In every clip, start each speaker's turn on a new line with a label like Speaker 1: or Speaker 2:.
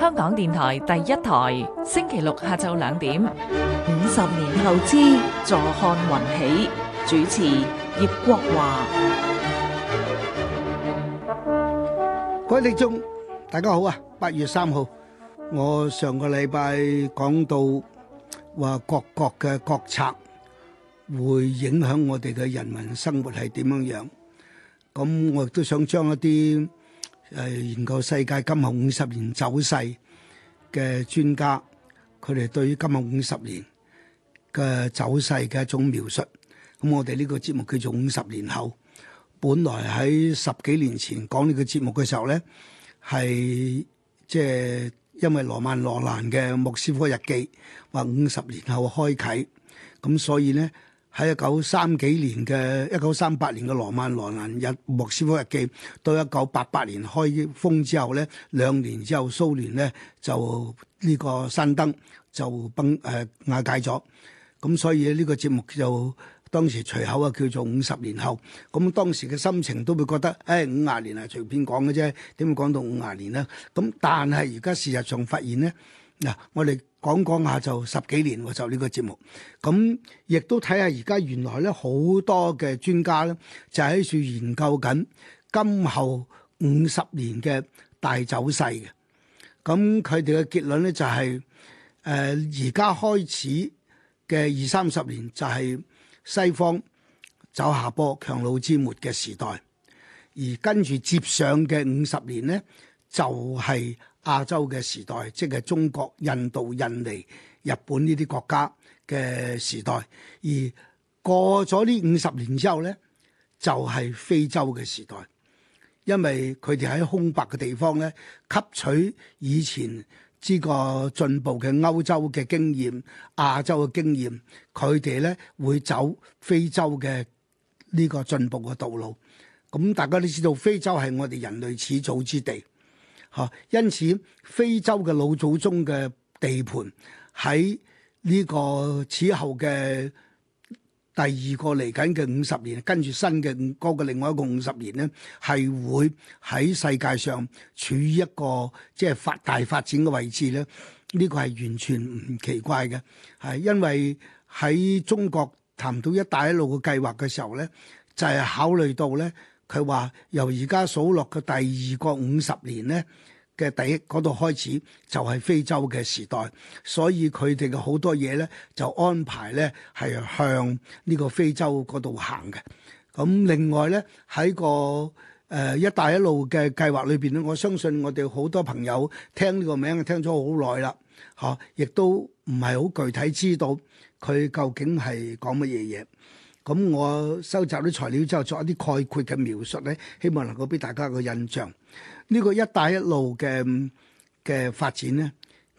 Speaker 1: 香港電台第一台，星期六下晝兩點。五十年後之，坐看雲起。主持：葉國華。各位聽眾，大家好啊！八月三號，我上個禮拜講到，話各國嘅國策會影響我哋嘅人民生活係點樣樣。咁我亦都想將一啲誒研究世界今後五十年走勢嘅專家，佢哋對於今後五十年嘅走勢嘅一種描述，咁我哋呢個節目叫做五十年後。本來喺十幾年前講呢個節目嘅時候咧，係即係因為羅曼羅蘭嘅《莫斯科日記》話五十年後開啟，咁所以咧。喺一九三幾年嘅一九三八年嘅羅曼·羅蘭日《莫斯科日記》，到一九八八年開封之後咧，兩年之後蘇聯咧就呢個山燈就崩誒、呃、瓦解咗。咁所以呢個節目就當時隨口啊叫做五十年後。咁當時嘅心情都會覺得誒五十年係隨便講嘅啫，點會講到五十年呢？咁但係而家事實上發現咧，嗱、啊、我哋。講講下就十幾年就呢個節目，咁亦都睇下而家原來咧好多嘅專家咧就喺處研究緊今後五十年嘅大走勢嘅，咁佢哋嘅結論咧就係誒而家開始嘅二三十年就係西方走下坡、強弩之末嘅時代，而跟住接上嘅五十年咧就係。亞洲嘅時代，即係中國、印度、印尼、日本呢啲國家嘅時代。而過咗呢五十年之後呢，就係非洲嘅時代，因為佢哋喺空白嘅地方呢，吸取以前呢個進步嘅歐洲嘅經驗、亞洲嘅經驗，佢哋呢會走非洲嘅呢個進步嘅道路。咁大家都知道，非洲係我哋人類始祖之地。嚇！因此非洲嘅老祖宗嘅地盤喺呢個此後嘅第二個嚟緊嘅五十年，跟住新嘅五個另外一個五十年咧，係會喺世界上處於一個即係發大發展嘅位置咧。呢、呢個係完全唔奇怪嘅，係因為喺中國談到一帶一路嘅計劃嘅時候咧，就係、是、考慮到咧。佢話：由而家數落嘅第二個五十年咧嘅第一嗰度開始，就係、是、非洲嘅時代。所以佢哋嘅好多嘢咧，就安排咧係向呢個非洲嗰度行嘅。咁另外咧喺個誒、呃、一帶一路嘅計劃裏邊咧，我相信我哋好多朋友聽呢個名聽咗好耐啦，嚇、啊，亦都唔係好具體知道佢究竟係講乜嘢嘢。咁我收集啲材料之後，作一啲概括嘅描述咧，希望能夠俾大家一個印象。呢、呢個一帶一路嘅嘅發展咧，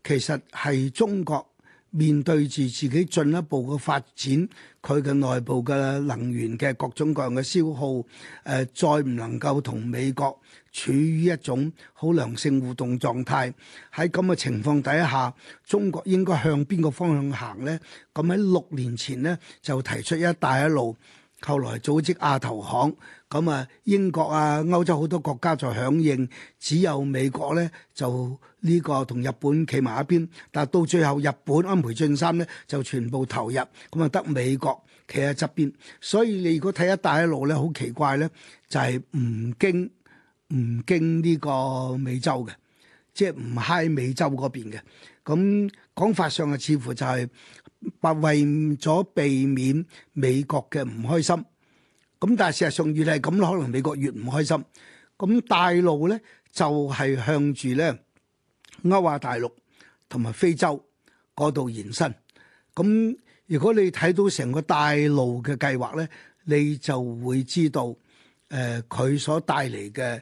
Speaker 1: 其實係中國面對住自己進一步嘅發展，佢嘅內部嘅能源嘅各種各樣嘅消耗，誒、呃，再唔能夠同美國處於一種好良性互動狀態，喺咁嘅情況底下，中國應該向邊個方向行呢？咁喺六年前呢，就提出一帶一路，後來組織亞投行，咁啊英國啊歐洲好多國家就響應，只有美國呢，就呢個同日本企埋一邊，但到最後日本安倍晉三呢，就全部投入，咁啊得美國企喺側邊，所以你如果睇一帶一路呢，好奇怪呢，就係唔經。唔經呢個美洲嘅，即係唔喺美洲嗰邊嘅。咁講法上啊，似乎就係、是、為咗避免美國嘅唔開心。咁但係事實上越係，咁，可能美國越唔開心。咁大路咧就係、是、向住咧歐亞大陸同埋非洲嗰度延伸。咁如果你睇到成個大路嘅計劃咧，你就會知道誒，佢、呃、所帶嚟嘅。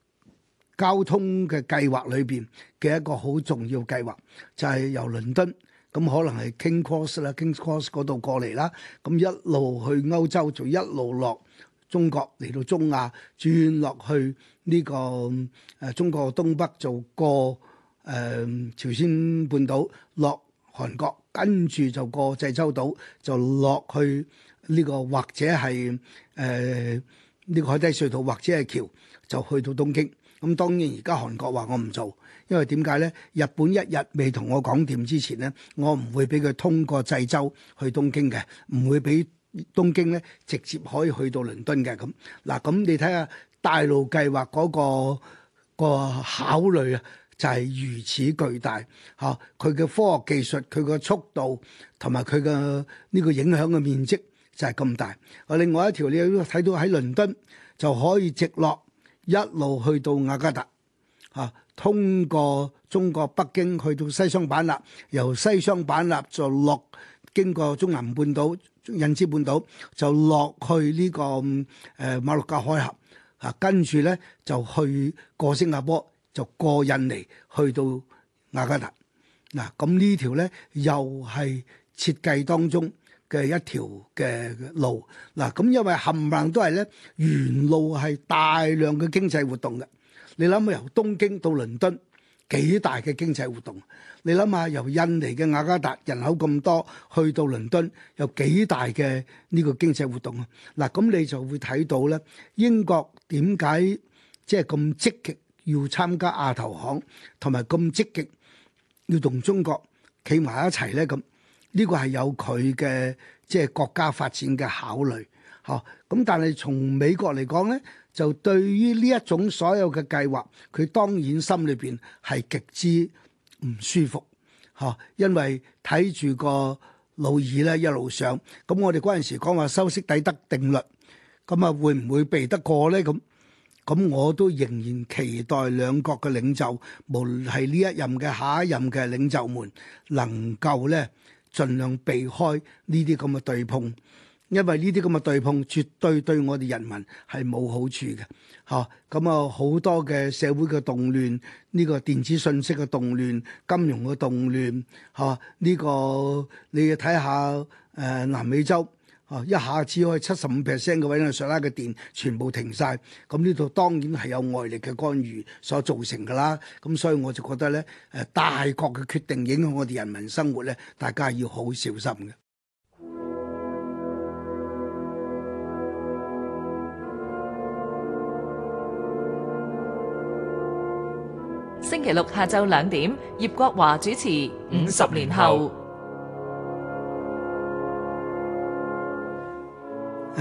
Speaker 1: 交通嘅計劃裏邊嘅一個好重要計劃，就係由倫敦，咁可能係 King Cross 啦，King Cross 嗰度過嚟啦，咁一路去歐洲，就一路落中國嚟到中亞，轉落去呢、呢個誒、啊、中國東北，就過誒、呃、朝鮮半島，落韓國，跟住就過濟州島，就落去呢、呢個或者係誒呢個海底隧道，或者係橋，就去到東京。咁當然而家韓國話我唔做，因為點解咧？日本一日未同我講掂之前咧，我唔會俾佢通過濟州去東京嘅，唔會俾東京咧直接可以去到倫敦嘅。咁嗱，咁、啊、你睇下大陸計劃嗰、嗰個嗰個考慮啊，就係如此巨大嚇。佢、啊、嘅科學技術、佢嘅速度同埋佢嘅呢個影響嘅面積就係咁大。另外一條你都睇到喺倫敦就可以直落。一路去到雅加達，嚇、啊，通過中國北京去到西雙版納，由西雙版納就落經過中南半島、印支半島，就落去呢、這個誒、呃、馬六甲海峽，嚇、啊，跟住咧就去過新加坡，就過印尼去到雅加達。嗱、啊，咁呢條咧又係設計當中嘅一條嘅路，嗱，咁因為冚唪唥都係咧，沿路係大量嘅經濟活動嘅。你諗下由東京到倫敦幾大嘅經濟活動，你諗下由印尼嘅雅加達人口咁多去到倫敦有幾大嘅呢個經濟活動啊！嗱，咁你就會睇到咧，英國點解即係咁積極要參加亞投行，同埋咁積極要同中國企埋一齊咧咁？呢個係有佢嘅即係國家發展嘅考慮，嚇咁。但係從美國嚟講咧，就對於呢一種所有嘅計劃，佢當然心裏面係極之唔舒服，嚇。因為睇住個老二咧一路上，咁我哋嗰陣時講話修昔底德定律，咁啊會唔會避得過咧？咁咁我都仍然期待兩國嘅領袖，無論係呢一任嘅下一任嘅領袖們，能夠咧。儘量避開呢啲咁嘅對碰，因為呢啲咁嘅對碰絕對對我哋人民係冇好處嘅，嚇！咁啊好多嘅社會嘅動亂，呢個電子信息嘅動亂、金融嘅動亂，嚇！呢個你要睇下誒南美洲。哦，一下子可以七十五 percent 嘅位上拉嘅電全部停晒，咁呢度當然係有外力嘅干預所造成噶啦，咁所以我就覺得咧，誒、呃、大國嘅決定影響我哋人民生活咧，大家係要好小心嘅。星期六下晝兩點，葉國華主持《五十年後》。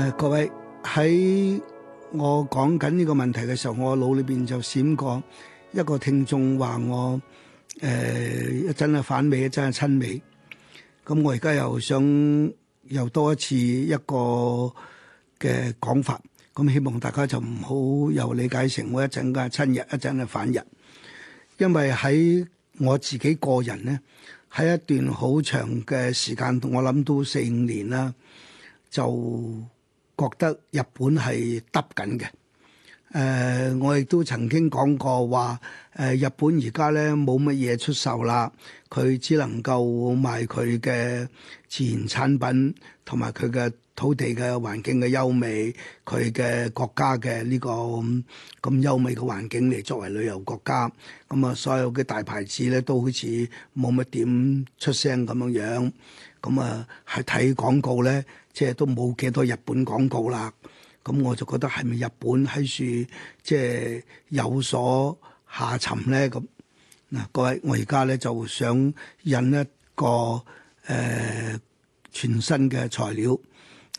Speaker 1: 誒、呃，各位喺我講緊呢個問題嘅時候，我腦裏邊就閃過一個聽眾話我誒、呃、一陣係反美，一陣係親美。咁我而家又想又多一次一個嘅講法，咁希望大家就唔好又理解成我一陣係親日，一陣係反日。因為喺我自己個人咧，喺一段好長嘅時間，我諗到四五年啦，就。覺得日本係得緊嘅，誒，我亦都曾經講過話，誒，日本而家咧冇乜嘢出售啦，佢只能夠賣佢嘅自然產品，同埋佢嘅土地嘅環境嘅優美，佢嘅國家嘅呢個咁優美嘅環境嚟作為旅遊國家，咁啊，所有嘅大牌子咧都好似冇乜點出聲咁樣樣，咁啊，係睇廣告咧。即係都冇幾多日本廣告啦，咁我就覺得係咪日本喺處即係有所下沉咧？咁嗱，各位我而家咧就想引一個誒、呃、全新嘅材料，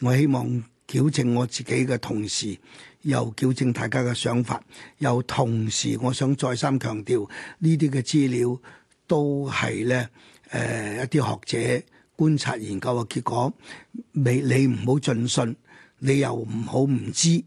Speaker 1: 我希望矯正我自己嘅同時，又矯正大家嘅想法，又同時我想再三強調呢啲嘅資料都係咧誒一啲學者。觀察研究嘅結果，你你唔好盡信，你又唔好唔知，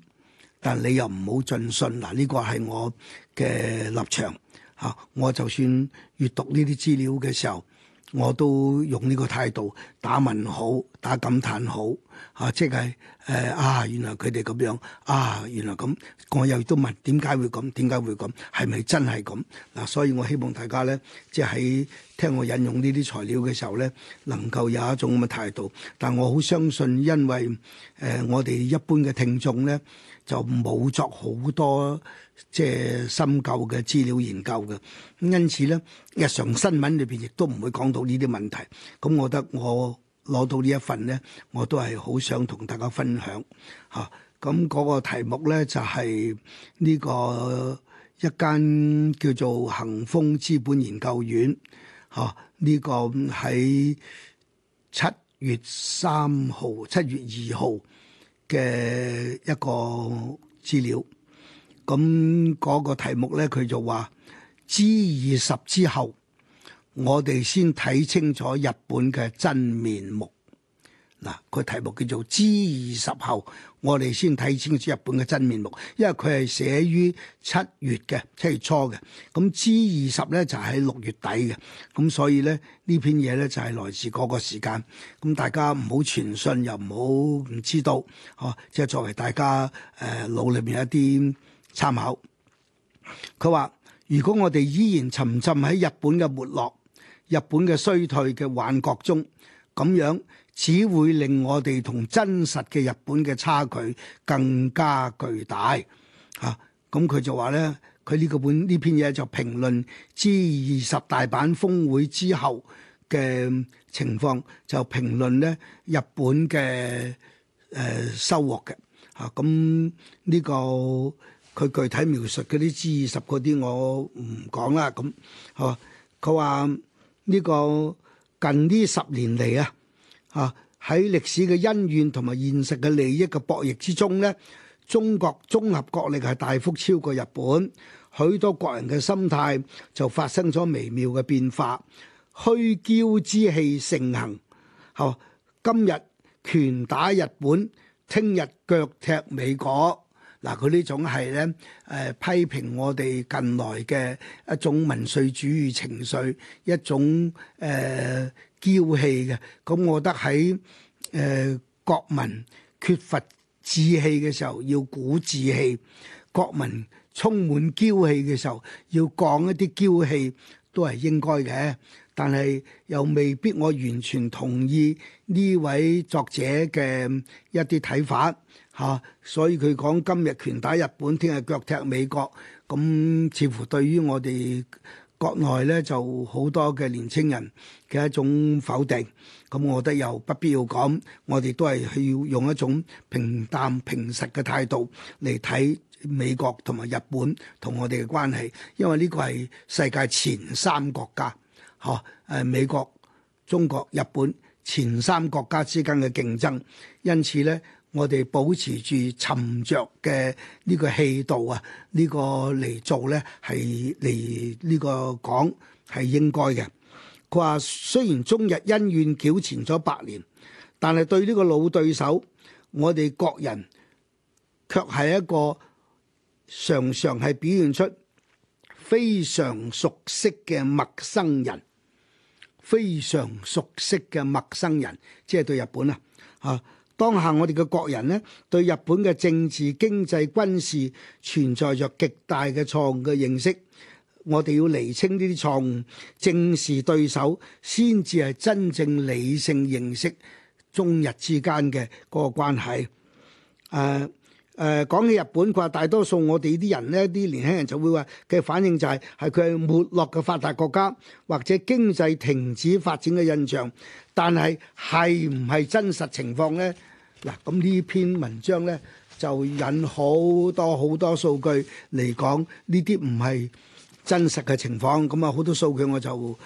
Speaker 1: 但你又唔好盡信。嗱，呢、這個係我嘅立場吓、啊，我就算閱讀呢啲資料嘅時候，我都用呢個態度打問號、打感嘆號。啊，即係誒啊，原來佢哋咁樣啊，原來咁，我又都問點解會咁？點解會咁？係咪真係咁？嗱、啊，所以我希望大家咧，即係喺聽我引用呢啲材料嘅時候咧，能夠有一種咁嘅態度。但我好相信，因為誒、呃、我哋一般嘅聽眾咧，就冇作好多即係深究嘅資料研究嘅，因此咧，日常新聞裏邊亦都唔會講到呢啲問題。咁我覺得我。攞到呢一份咧，我都係好想同大家分享吓，咁、啊、嗰個題目咧就係、是、呢、這個一間叫做恒豐資本研究院吓呢、啊這個喺七月三號七月二號嘅一個資料。咁、啊、嗰、那個題目咧，佢就話 G 二十之後。我哋先睇清楚日本嘅真面目。嗱，個題目叫做《G 二十後》，我哋先睇清楚日本嘅真面目。因為佢係寫於七月嘅，七月初嘅。咁 G 二十咧就係喺六月底嘅。咁所以咧呢篇嘢咧就係來自嗰個時間。咁大家唔好傳信，又唔好唔知道。哦，即係作為大家誒腦裏面一啲參考。佢話：如果我哋依然沉浸喺日本嘅沒落，日本嘅衰退嘅幻覺中，咁樣只會令我哋同真實嘅日本嘅差距更加巨大嚇。咁、啊、佢、嗯、就話咧，佢呢個本呢篇嘢就評論 G 二十大阪峰會之後嘅情況，就評論咧日本嘅誒、呃、收穫嘅嚇。咁、啊、呢、嗯這個佢具體描述嗰啲 G 二十嗰啲我唔講啦。咁嚇佢話。啊呢個近呢十年嚟啊，嚇喺歷史嘅恩怨同埋現實嘅利益嘅博弈之中咧，中國綜合國力係大幅超過日本，許多國人嘅心態就發生咗微妙嘅變化，虛驕之氣盛行。嚇，今日拳打日本，聽日腳踢美國。嗱，佢呢種係咧誒批評我哋近來嘅一種民粹主義情緒，一種誒嬌氣嘅。咁、呃嗯、我覺得喺誒、呃、國民缺乏志氣嘅時候，要鼓志氣；國民充滿嬌氣嘅時候，要降一啲嬌氣。都係應該嘅，但係又未必我完全同意呢位作者嘅一啲睇法嚇、啊，所以佢講今日拳打日本，聽日腳踢美國，咁、嗯、似乎對於我哋國內咧就好多嘅年輕人嘅一種否定，咁、嗯、我覺得又不必要講，我哋都係去要用一種平淡平實嘅態度嚟睇。美國同埋日本同我哋嘅關係，因為呢個係世界前三國家，嚇誒、呃、美國、中國、日本前三國家之間嘅競爭，因此咧，我哋保持住沉着嘅呢個氣度啊，這個、呢個嚟做咧係嚟呢個講係應該嘅。佢話雖然中日恩怨糾纏咗百年，但係對呢個老對手，我哋國人卻係一個。常常係表現出非常熟悉嘅陌生人，非常熟悉嘅陌生人，即係對日本啊！吓當下我哋嘅國人呢，對日本嘅政治、經濟、軍事存在着極大嘅錯誤嘅認識。我哋要厘清呢啲錯誤，正視對手，先至係真正理性認識中日之間嘅嗰個關係。誒、啊。誒，講起日本嘅話，大多數我哋啲人呢，啲年輕人就會話嘅反應就係、係，係佢係沒落嘅發達國家，或者經濟停止發展嘅印象。但係係唔係真實情況呢？嗱，咁呢篇文章呢，就引好多好多數據嚟講，呢啲唔係真實嘅情況。咁啊，好多數據我就唔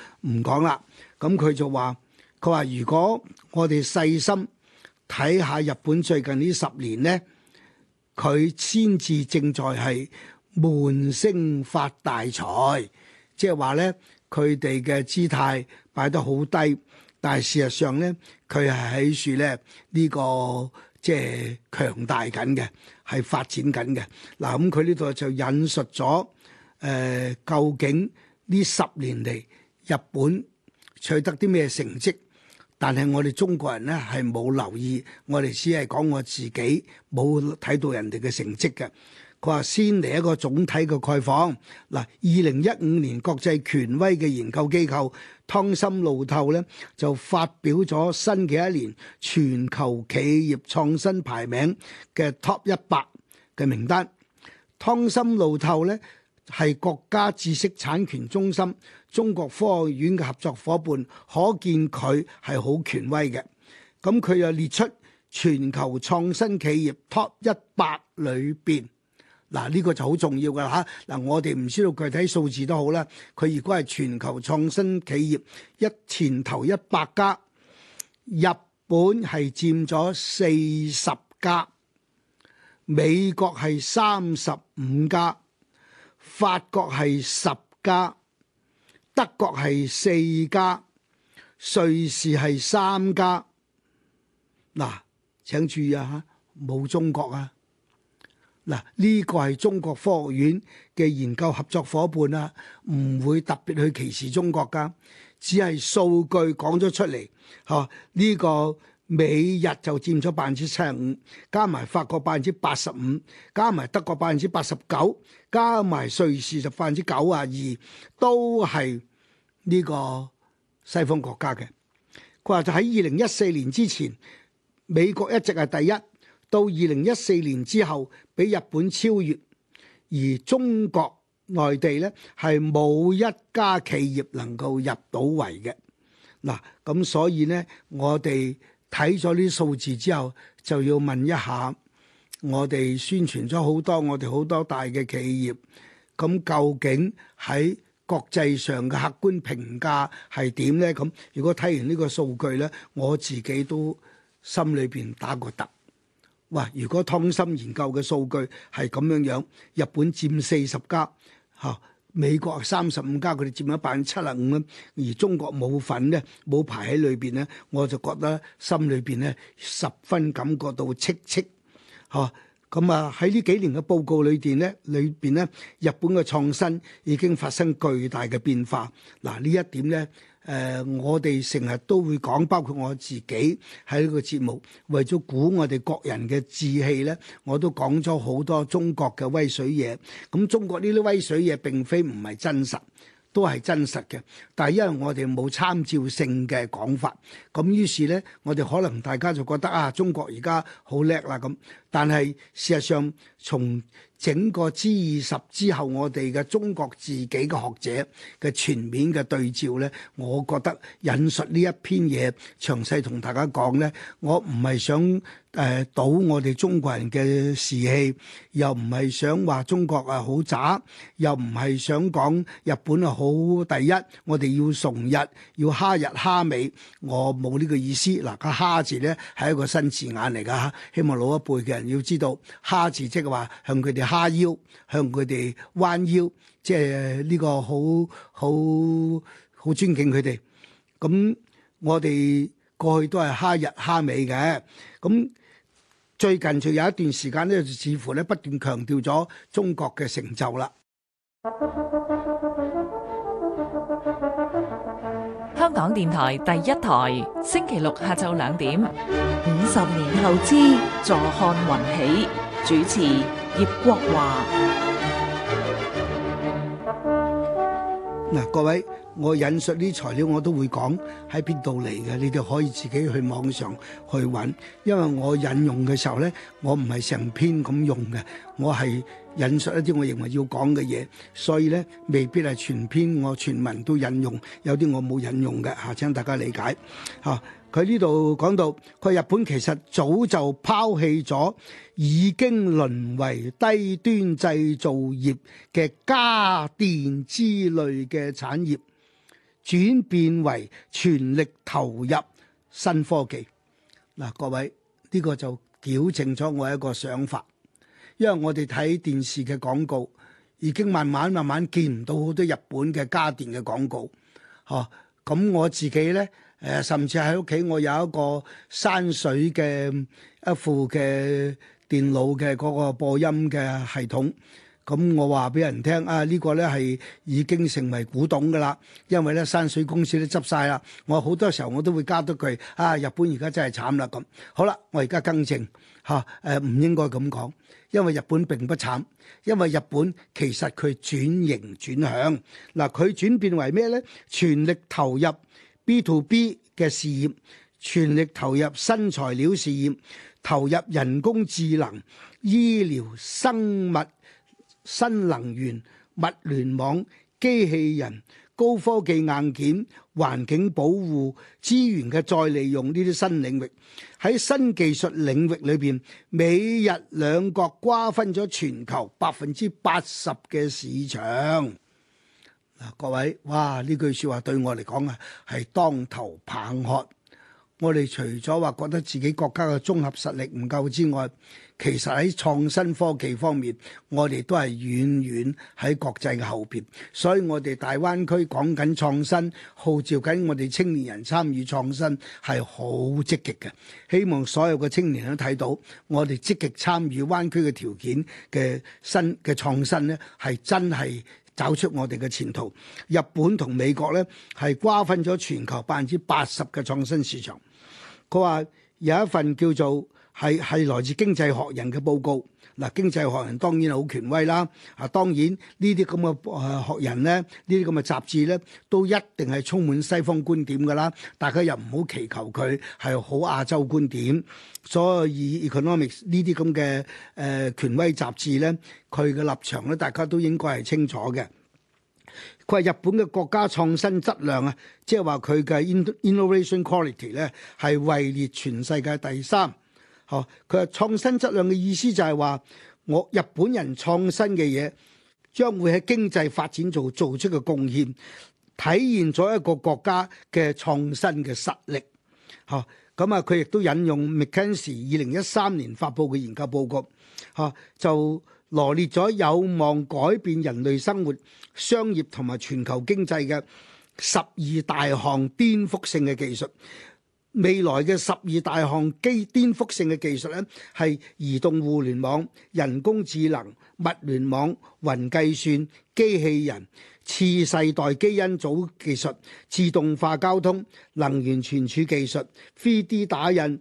Speaker 1: 講啦。咁佢就話，佢話如果我哋細心睇下日本最近呢十年呢。」佢先至正在係悶聲發大財，即係話咧，佢哋嘅姿態擺得好低，但係事實上咧，佢係喺樹咧呢、這個即係強大緊嘅，係發展緊嘅。嗱，咁佢呢度就引述咗誒、呃、究竟呢十年嚟日本取得啲咩成績。但係我哋中國人咧係冇留意，我哋只係講我自己，冇睇到人哋嘅成績嘅。佢話先嚟一個總體嘅概況。嗱，二零一五年國際權威嘅研究機構湯森路透咧就發表咗新嘅一年全球企業創新排名嘅 Top 一百嘅名單。湯森路透咧係國家知識產權中心。中國科學院嘅合作伙伴，可見佢係好權威嘅。咁佢又列出全球創新企業 Top 一百裏邊，嗱，呢個就好重要㗎嚇。嗱，我哋唔知道具體數字都好啦。佢如果係全球創新企業一前頭一百家，日本係佔咗四十家，美國係三十五家，法國係十家。德國係四家，瑞士係三家。嗱，請注意啊，冇中國啊。嗱，呢、這個係中國科學院嘅研究合作伙伴啊，唔會特別去歧視中國㗎。只係數據講咗出嚟，嚇、啊、呢、這個美日就佔咗百分之七十五，加埋法國百分之八十五，加埋德國百分之八十九，加埋瑞士就百分之九十二，都係。呢個西方國家嘅，佢話就喺二零一四年之前，美國一直係第一；到二零一四年之後，俾日本超越，而中國內地呢，係冇一家企業能夠入到圍嘅。嗱，咁所以呢，我哋睇咗呢數字之後，就要問一下，我哋宣傳咗好多我哋好多大嘅企業，咁究竟喺國際上嘅客觀評價係點呢？咁如果睇完呢個數據呢，我自己都心裏邊打個突。哇！如果湯森研究嘅數據係咁樣樣，日本佔四十家嚇，美國三十五家，佢哋佔咗百分之七十五，而中國冇份呢，冇排喺裏邊呢，我就覺得心裏邊呢十分感覺到戚戚嚇。啊咁啊喺呢幾年嘅報告裏邊咧，裏邊咧日本嘅創新已經發生巨大嘅變化。嗱呢一點咧，誒、呃、我哋成日都會講，包括我自己喺呢個節目，為咗鼓我哋國人嘅志氣咧，我都講咗好多中國嘅威水嘢。咁、嗯、中國呢啲威水嘢並非唔係真實。都係真實嘅，但係因為我哋冇參照性嘅講法，咁於是呢，我哋可能大家就覺得啊，中國而家好叻啦咁。但係事實上，從整個 G20 之後，我哋嘅中國自己嘅學者嘅全面嘅對照呢，我覺得引述呢一篇嘢詳細同大家講呢，我唔係想。誒，倒我哋中國人嘅士氣，又唔係想話中國啊好渣，又唔係想講日本啊好第一。我哋要崇日，要哈日哈美，我冇呢個意思。嗱，個哈字咧係一個新字眼嚟㗎，希望老一輩嘅人要知道，哈字即係話向佢哋哈腰，向佢哋彎腰，即係呢個好好好尊敬佢哋。咁我哋過去都係哈日哈美嘅。咁最近就有一段時間咧，似乎咧不斷強調咗中國嘅成就啦。香港電台第一台，星期六下晝兩點，五十年後之，坐看雲起，主持葉國華。嗱，各位。我引述啲材料，我都會講喺邊度嚟嘅，你哋可以自己去網上去揾。因為我引用嘅時候咧，我唔係成篇咁用嘅，我係引述一啲我認為要講嘅嘢，所以咧未必係全篇我全文都引用，有啲我冇引用嘅吓，請大家理解吓。佢呢度講到佢日本其實早就拋棄咗已經淪為低端製造業嘅家電之類嘅產業，轉變為全力投入新科技，嗱，各位呢、呢個就矯正咗我一個想法，因為我哋睇電視嘅廣告已經慢慢慢慢見唔到好多日本嘅家電嘅廣告，嚇、啊、咁我自己咧誒，甚至喺屋企我有一個山水嘅一副嘅電腦嘅嗰個播音嘅系統。咁我話俾人聽啊！呢個呢係已經成為古董㗎啦，因為呢山水公司都執晒啦。我好多時候我都會加多句啊！日本而家真係慘啦咁。好啦，我而家更正吓，誒、啊、呃、唔應該咁講，因為日本並不慘，因為日本其實佢轉型轉向嗱，佢轉變為咩呢？全力投入 B to B 嘅事業，全力投入新材料事業，投入人工智能、醫療、生物。新能源、物聯網、機器人、高科技硬件、環境保護、資源嘅再利用呢啲新領域，喺新技術領域裏邊，美日兩國瓜分咗全球百分之八十嘅市場。嗱，各位，哇！呢句説話對我嚟講啊，係當頭棒喝。我哋除咗話覺得自己國家嘅綜合實力唔夠之外，其實喺創新科技方面，我哋都係遠遠喺國際嘅後邊，所以，我哋大灣區講緊創新，號召緊我哋青年人參與創新係好積極嘅。希望所有嘅青年都睇到，我哋積極參與灣區嘅條件嘅新嘅創新咧，係真係走出我哋嘅前途。日本同美國咧係瓜分咗全球百分之八十嘅創新市場。佢話有一份叫做係係來自經濟學人嘅報告嗱，經濟學人當然好權威啦。啊，當然呢啲咁嘅誒學人咧，呢啲咁嘅雜誌咧，都一定係充滿西方觀點㗎啦。大家又唔好祈求佢係好亞洲觀點，所以，以 Economics 呢啲咁嘅誒、呃、權威雜誌咧，佢嘅立場咧，大家都應該係清楚嘅。佢話日本嘅國家創新質量啊，即係話佢嘅 innovation quality 咧係位列全世界第三。嚇，佢話創新質量嘅意思就係話我日本人創新嘅嘢將會喺經濟發展做做出嘅貢獻，體現咗一個國家嘅創新嘅實力。嚇，咁啊，佢亦都引用 McKinsey 二零一三年發布嘅研究報告。嚇、啊，就。羅列咗有望改變人類生活、商業同埋全球經濟嘅十二大項顛覆性嘅技術。未來嘅十二大項基顛覆性嘅技術咧，係移動互聯網、人工智能、物聯網、雲計算、機器人、次世代基因組技術、自動化交通、能源存儲技術、3D 打印、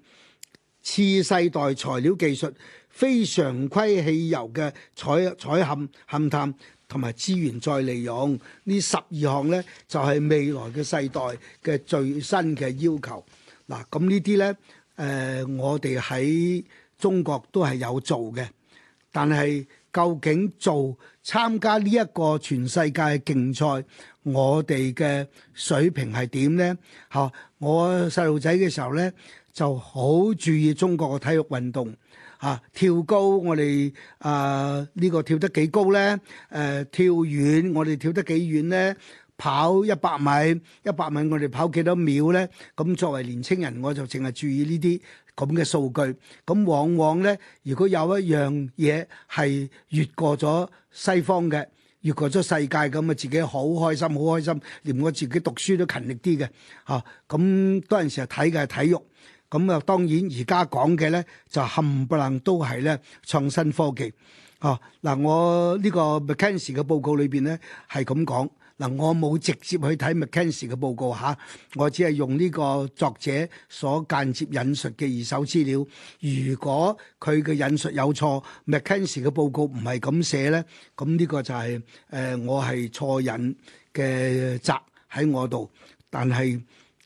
Speaker 1: 次世代材料技術。非常規汽油嘅採採勘勘探同埋資源再利用呢十二項呢，就係、是、未來嘅世代嘅最新嘅要求。嗱，咁呢啲呢，誒、呃，我哋喺中國都係有做嘅，但係究竟做參加呢一個全世界競賽，我哋嘅水平係點呢？嚇，我細路仔嘅時候呢，就好注意中國嘅體育運動。嚇、啊、跳高，我哋啊呢個跳得幾高呢？誒、呃、跳遠，我哋跳得幾遠呢？跑一百米，一百米我哋跑幾多秒呢？咁、嗯、作為年青人，我就淨係注意呢啲咁嘅數據。咁、嗯、往往呢，如果有一樣嘢係越過咗西方嘅，越過咗世界咁啊、嗯，自己好開心，好開心，連我自己讀書都勤力啲嘅嚇。咁嗰陣時係睇嘅係體育。咁啊，當然而家講嘅咧就冚唪唥都係咧創新科技。哦，嗱，我呢個 McKenzie 嘅報告裏邊咧係咁講。嗱、啊，我冇直接去睇 McKenzie 嘅報告嚇、啊，我只係用呢個作者所間接引述嘅二手資料。如果佢嘅引述有錯，McKenzie 嘅報告唔係咁寫咧，咁呢個就係、是、誒、呃、我係錯引嘅責喺我度，但係。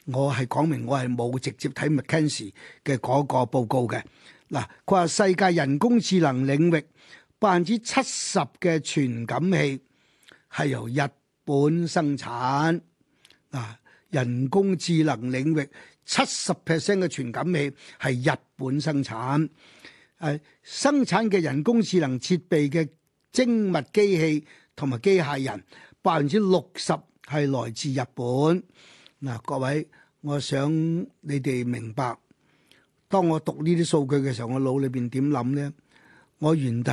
Speaker 1: 我係講明，我係冇直接睇 McKenzie 嘅嗰個報告嘅。嗱，佢話世界人工智能領域百分之七十嘅傳感器係由日本生產。嗱，人工智能領域七十 percent 嘅傳感器係日本生產。誒，生產嘅人工智能設備嘅精密機器同埋機械人百分之六十係來自日本。嗱，各位，我想你哋明白，當我讀呢啲數據嘅時候，我腦裏邊點諗咧？我原底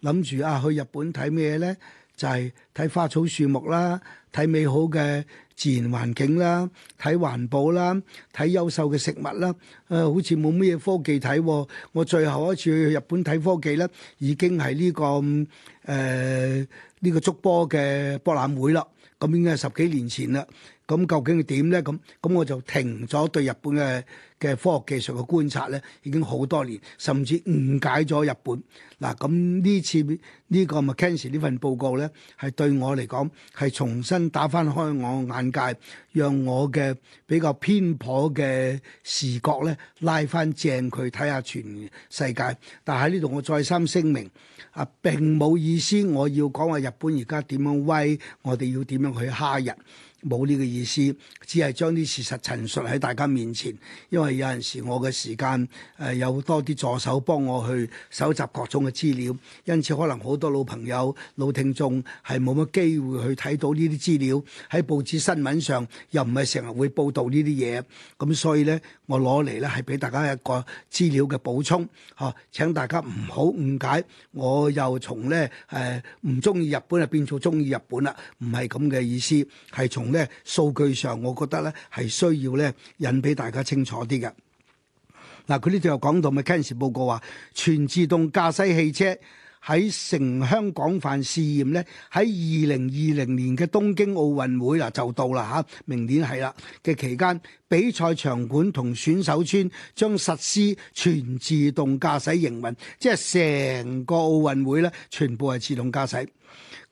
Speaker 1: 諗住啊，去日本睇咩咧？就係、是、睇花草樹木啦，睇美好嘅自然環境啦，睇環保啦，睇優秀嘅食物啦。誒、啊，好似冇咩科技睇、哦。我最後一次去日本睇科技咧，已經係呢、這個誒呢、呃這個築波嘅博覽會啦。咁應該係十幾年前啦。咁究竟係點咧？咁咁我就停咗對日本嘅嘅科學技術嘅觀察咧，已經好多年，甚至誤解咗日本嗱。咁、啊、呢次呢、這個 McKinsey 呢份報告咧，係對我嚟講係重新打翻開我眼界，讓我嘅比較偏頗嘅視覺咧拉翻正佢，睇下全世界。但喺呢度我再三聲明啊，並冇意思我要講話日本而家點樣威，我哋要點樣去蝦人。冇呢個意思，只係將啲事實陳述喺大家面前。因為有陣時我嘅時間誒、呃、有多啲助手幫我去搜集各種嘅資料，因此可能好多老朋友、老聽眾係冇乜機會去睇到呢啲資料喺報紙新聞上，又唔係成日會報道呢啲嘢。咁所以咧，我攞嚟咧係俾大家一個資料嘅補充吓，請大家唔好誤解，我又從咧誒唔中意日本啊變做中意日本啦，唔係咁嘅意思，係從。咧數據上，我覺得咧係需要咧引俾大家清楚啲嘅。嗱，佢呢度又講到咪 McKinsey 報告話，全自動駕駛汽車，喺城鄉廣泛試驗咧，喺二零二零年嘅東京奧運會啊，就到啦嚇！明年係啦嘅期間，比賽場館同選手村將實施全自動駕駛營運，即係成個奧運會咧，全部係自動駕駛。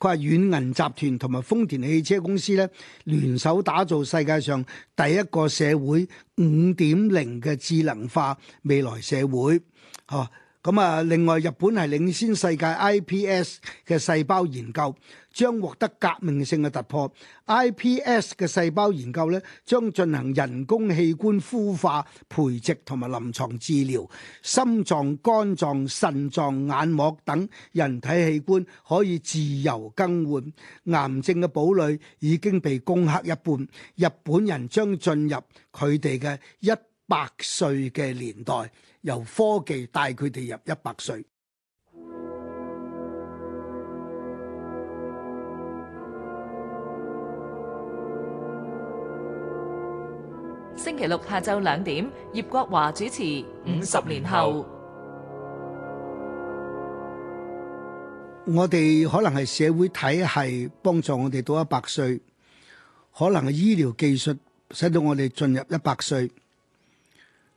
Speaker 1: 佢話軟銀集團同埋豐田汽車公司咧，聯手打造世界上第一個社會五點零嘅智能化未來社會，嚇！咁啊！另外，日本係領先世界 I P S 嘅細胞研究，將獲得革命性嘅突破。I P S 嘅細胞研究咧，將進行人工器官孵化培植同埋臨牀治療，心臟、肝臟、腎臟、眼膜等人體器官可以自由更換。癌症嘅堡壘已經被攻克一半，日本人將進入佢哋嘅一百歲嘅年代。由科技帶佢哋入一百歲。星期六下晝兩點，葉國華主持《五十年後》年後。我哋可能係社會體系幫助我哋到一百歲，可能係醫療技術使到我哋進入一百歲。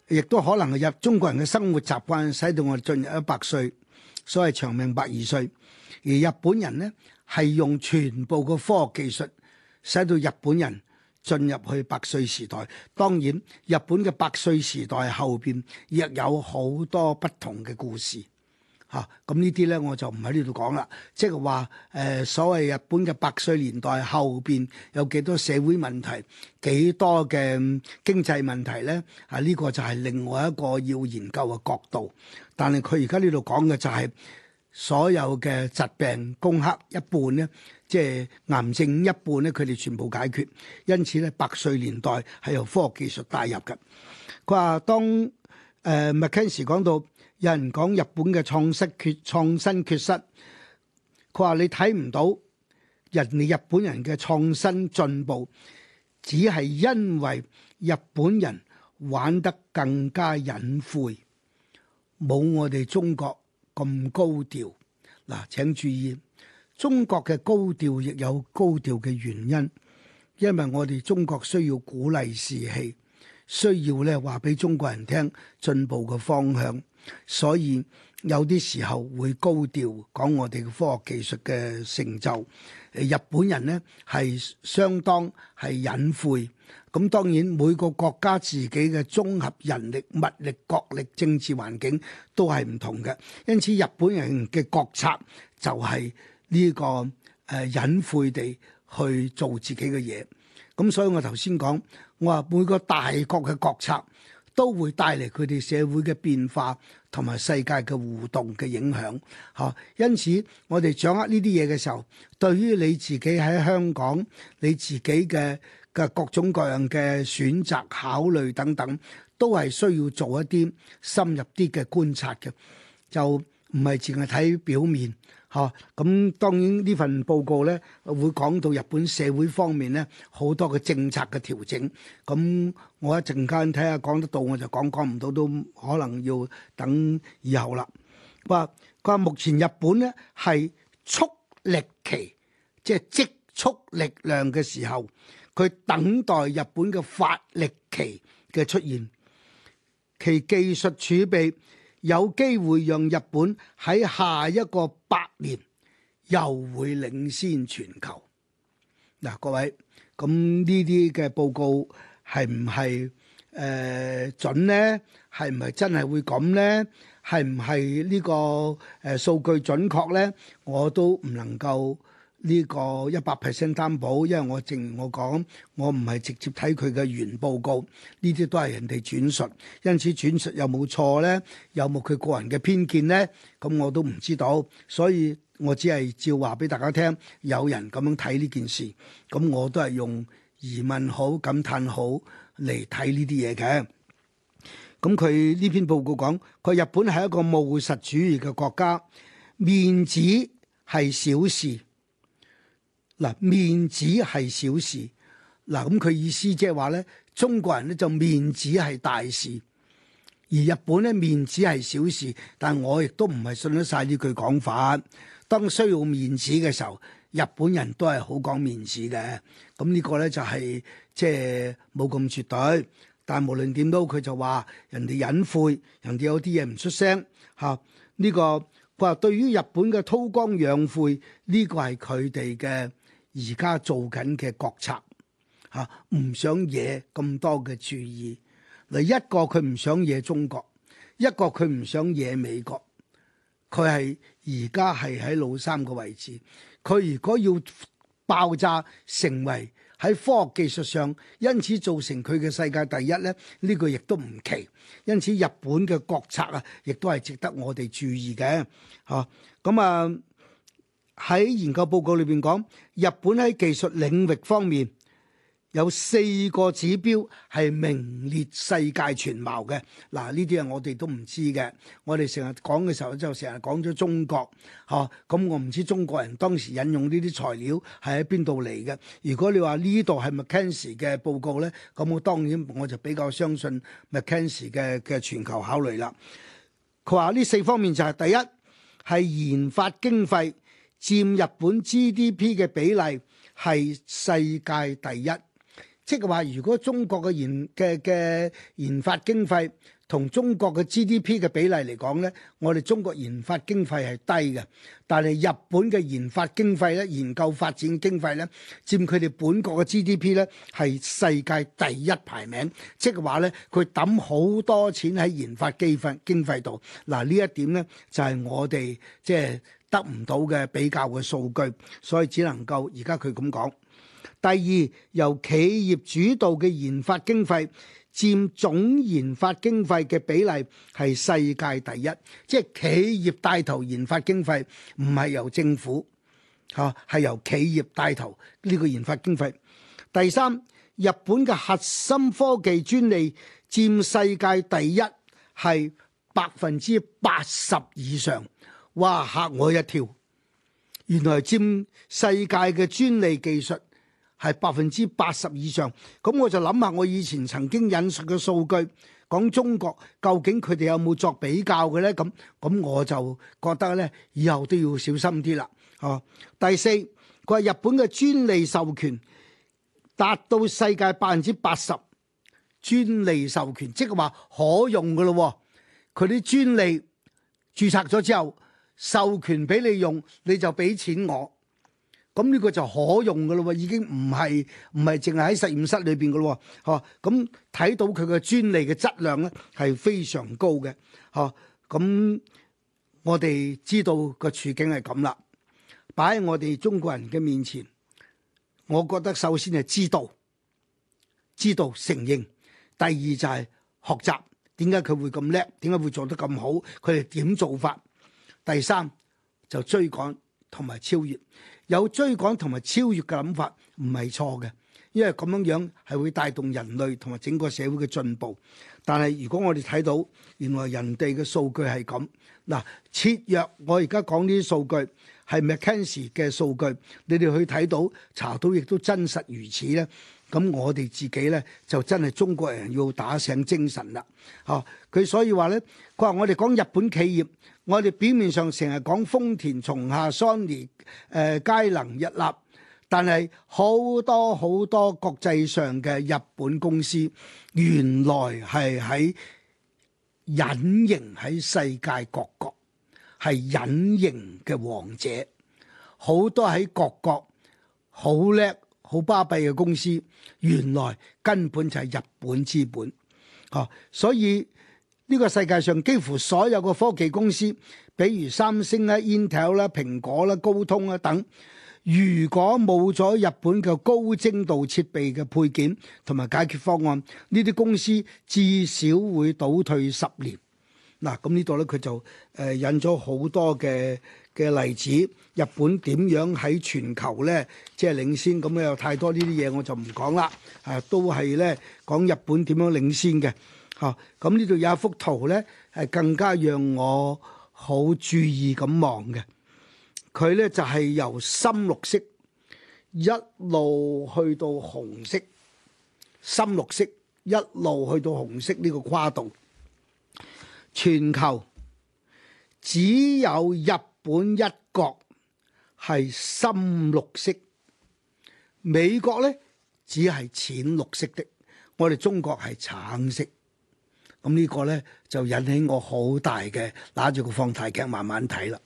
Speaker 1: 亦都可能係入中國人嘅生活習慣使到我哋進入一百歲，所謂長命百二歲，而日本人咧，係用全部嘅科學技術使到日本人進入去百歲時代。當然，日本嘅百歲時代後邊亦有好多不同嘅故事。咁、啊、呢啲咧我就唔喺呢度講啦，即係話誒所謂日本嘅百歲年代後邊有幾多社會問題、幾多嘅經濟問題咧？啊，呢、這個就係另外一個要研究嘅角度。但係佢而家呢度講嘅就係所有嘅疾病攻克一半咧，即係癌症一半咧，佢哋全部解決。因此咧，百歲年代係由科學技術帶入嘅。佢話當誒、呃、McKenzie 講到。有人講日本嘅創新缺創新缺失，佢話你睇唔到人哋日本人嘅創新進步，只係因為日本人玩得更加隱晦，冇我哋中國咁高調。嗱，請注意，中國嘅高調亦有高調嘅原因，因為我哋中國需要鼓勵士氣，需要咧話俾中國人聽進步嘅方向。所以有啲時候會高調講我哋嘅科學技術嘅成就，誒，日本人呢係相當係隱晦。咁當然每個國家自己嘅綜合人力、物力、國力、政治環境都係唔同嘅，因此日本人嘅國策就係呢個誒隱晦地去做自己嘅嘢。咁所以我頭先講，我話每個大國嘅國策。都會帶嚟佢哋社會嘅變化同埋世界嘅互動嘅影響，嚇。因此，我哋掌握呢啲嘢嘅時候，對於你自己喺香港，你自己嘅嘅各種各樣嘅選擇、考慮等等，都係需要做一啲深入啲嘅觀察嘅，就。唔係淨係睇表面，吓，咁當然呢份報告呢會講到日本社會方面呢好多嘅政策嘅調整。咁我一陣間睇下講得到我就講，講唔到都可能要等以後啦。哇！佢話目前日本呢係蓄力期，即係積蓄力量嘅時候，佢等待日本嘅發力期嘅出現，其技術儲備。有機會讓日本喺下一個百年又會領先全球。嗱、啊，各位，咁呢啲嘅報告係唔係誒準咧？係咪真係會咁呢？係唔係呢個誒數據準確呢？我都唔能夠。呢個一百 percent 擔保，因為我正如我講，我唔係直接睇佢嘅原報告，呢啲都係人哋轉述，因此轉述有冇錯呢？有冇佢個人嘅偏見呢？咁、嗯、我都唔知道，所以我只係照話俾大家聽，有人咁樣睇呢件事，咁、嗯、我都係用疑問好、感嘆好嚟睇呢啲嘢嘅。咁佢呢篇報告講，佢日本係一個務實主義嘅國家，面子係小事。嗱，面子係小事，嗱咁佢意思即係話咧，中國人咧就面子係大事，而日本咧面子係小事。但係我亦都唔係信得晒呢句講法。當需要面子嘅時候，日本人都係好講面子嘅。咁、這、呢個咧就係、是、即係冇咁絕對。但係無論點都，佢就話人哋隱、這個、晦，人哋有啲嘢唔出聲嚇。呢個佢話對於日本嘅韜光養晦，呢個係佢哋嘅。而家做緊嘅國策吓，唔想惹咁多嘅注意。你一個佢唔想惹中國，一個佢唔想惹美國，佢係而家係喺老三個位置。佢如果要爆炸成為喺科學技術上，因此造成佢嘅世界第一咧，呢個亦都唔奇。因此日本嘅國策啊，亦都係值得我哋注意嘅。吓，咁啊。喺研究報告裏邊講，日本喺技術領域方面有四個指標係名列世界前茅嘅。嗱，呢啲係我哋都唔知嘅。我哋成日講嘅時候就成日講咗中國，嚇、啊、咁、嗯、我唔知中國人當時引用呢啲材料係喺邊度嚟嘅。如果你話呢度係 McKenzie 嘅報告咧，咁我當然我就比較相信 m McKenzie 嘅嘅全球考慮啦。佢話呢四方面就係、是、第一係研發經費。佔日本 GDP 嘅比例係世界第一，即係話如果中國嘅研嘅嘅研發經費同中國嘅 GDP 嘅比例嚟講呢，我哋中國研發經費係低嘅，但係日本嘅研發經費呢、研究發展經費呢，佔佢哋本國嘅 GDP 呢係世界第一排名，即係話呢，佢抌好多錢喺研發經費經費度，嗱呢一點呢，就係、是、我哋即係。得唔到嘅比較嘅數據，所以只能夠而家佢咁講。第二，由企業主導嘅研發經費佔總研發經費嘅比例係世界第一，即係企業帶頭研發經費唔係由政府嚇，係由企業帶頭呢個研發經費。第三，日本嘅核心科技專利佔世界第一係百分之八十以上。哇！嚇我一跳，原來佔世界嘅專利技術係百分之八十以上。咁我就諗下，我以前曾經引述嘅數據，講中國究竟佢哋有冇作比較嘅呢？咁咁我就覺得呢，以後都要小心啲啦。哦，第四，佢話日本嘅專利授權達到世界百分之八十，專利授權即係話可用嘅咯。佢啲專利註冊咗之後。授權俾你用，你就俾錢我。咁呢個就可用嘅咯喎，已經唔係唔係淨係喺實驗室裏邊嘅咯喎。嚇，咁睇到佢嘅專利嘅質量咧，係非常高嘅。嚇，咁我哋知道個處境係咁啦，擺喺我哋中國人嘅面前，我覺得首先係知道、知道、承認。第二就係學習，點解佢會咁叻？點解會做得咁好？佢哋點做法？第三就追趕同埋超越，有追趕同埋超越嘅諗法唔係錯嘅，因為咁樣樣，係會帶動人類同埋整個社會嘅進步。但係如果我哋睇到原來人哋嘅數據係咁，嗱，切若我而家講呢啲數據，係咪麥肯錫嘅數據，你哋去睇到查到亦都真實如此咧，咁我哋自己咧就真係中國人要打醒精神啦。吓、哦，佢所以話咧，佢話我哋講日本企業。我哋表面上成日講豐田、松下、Sony、誒、呃、佳能、日立，但係好多好多國際上嘅日本公司，原來係喺隱形喺世界各國，係隱形嘅王者。好多喺各國好叻、好巴閉嘅公司，原來根本就係日本資本。所以。呢個世界上幾乎所有嘅科技公司，比如三星啦、Intel 啦、蘋果啦、高通啦等，如果冇咗日本嘅高精度設備嘅配件同埋解決方案，呢啲公司至少會倒退十年。嗱，咁呢度咧，佢就誒引咗好多嘅嘅例子，日本點樣喺全球咧即係領先？咁有太多呢啲嘢，我就唔講啦。誒，都係咧講日本點樣領先嘅。嚇！咁呢度有一幅圖呢，係更加讓我好注意咁望嘅。佢呢就係由深綠色一路去到紅色，深綠色一路去到紅色呢個跨度。全球只有日本一國係深綠色，美國呢只係淺綠色的，我哋中國係橙色。咁呢個咧就引起我好大嘅，拿住個放大鏡慢慢睇啦。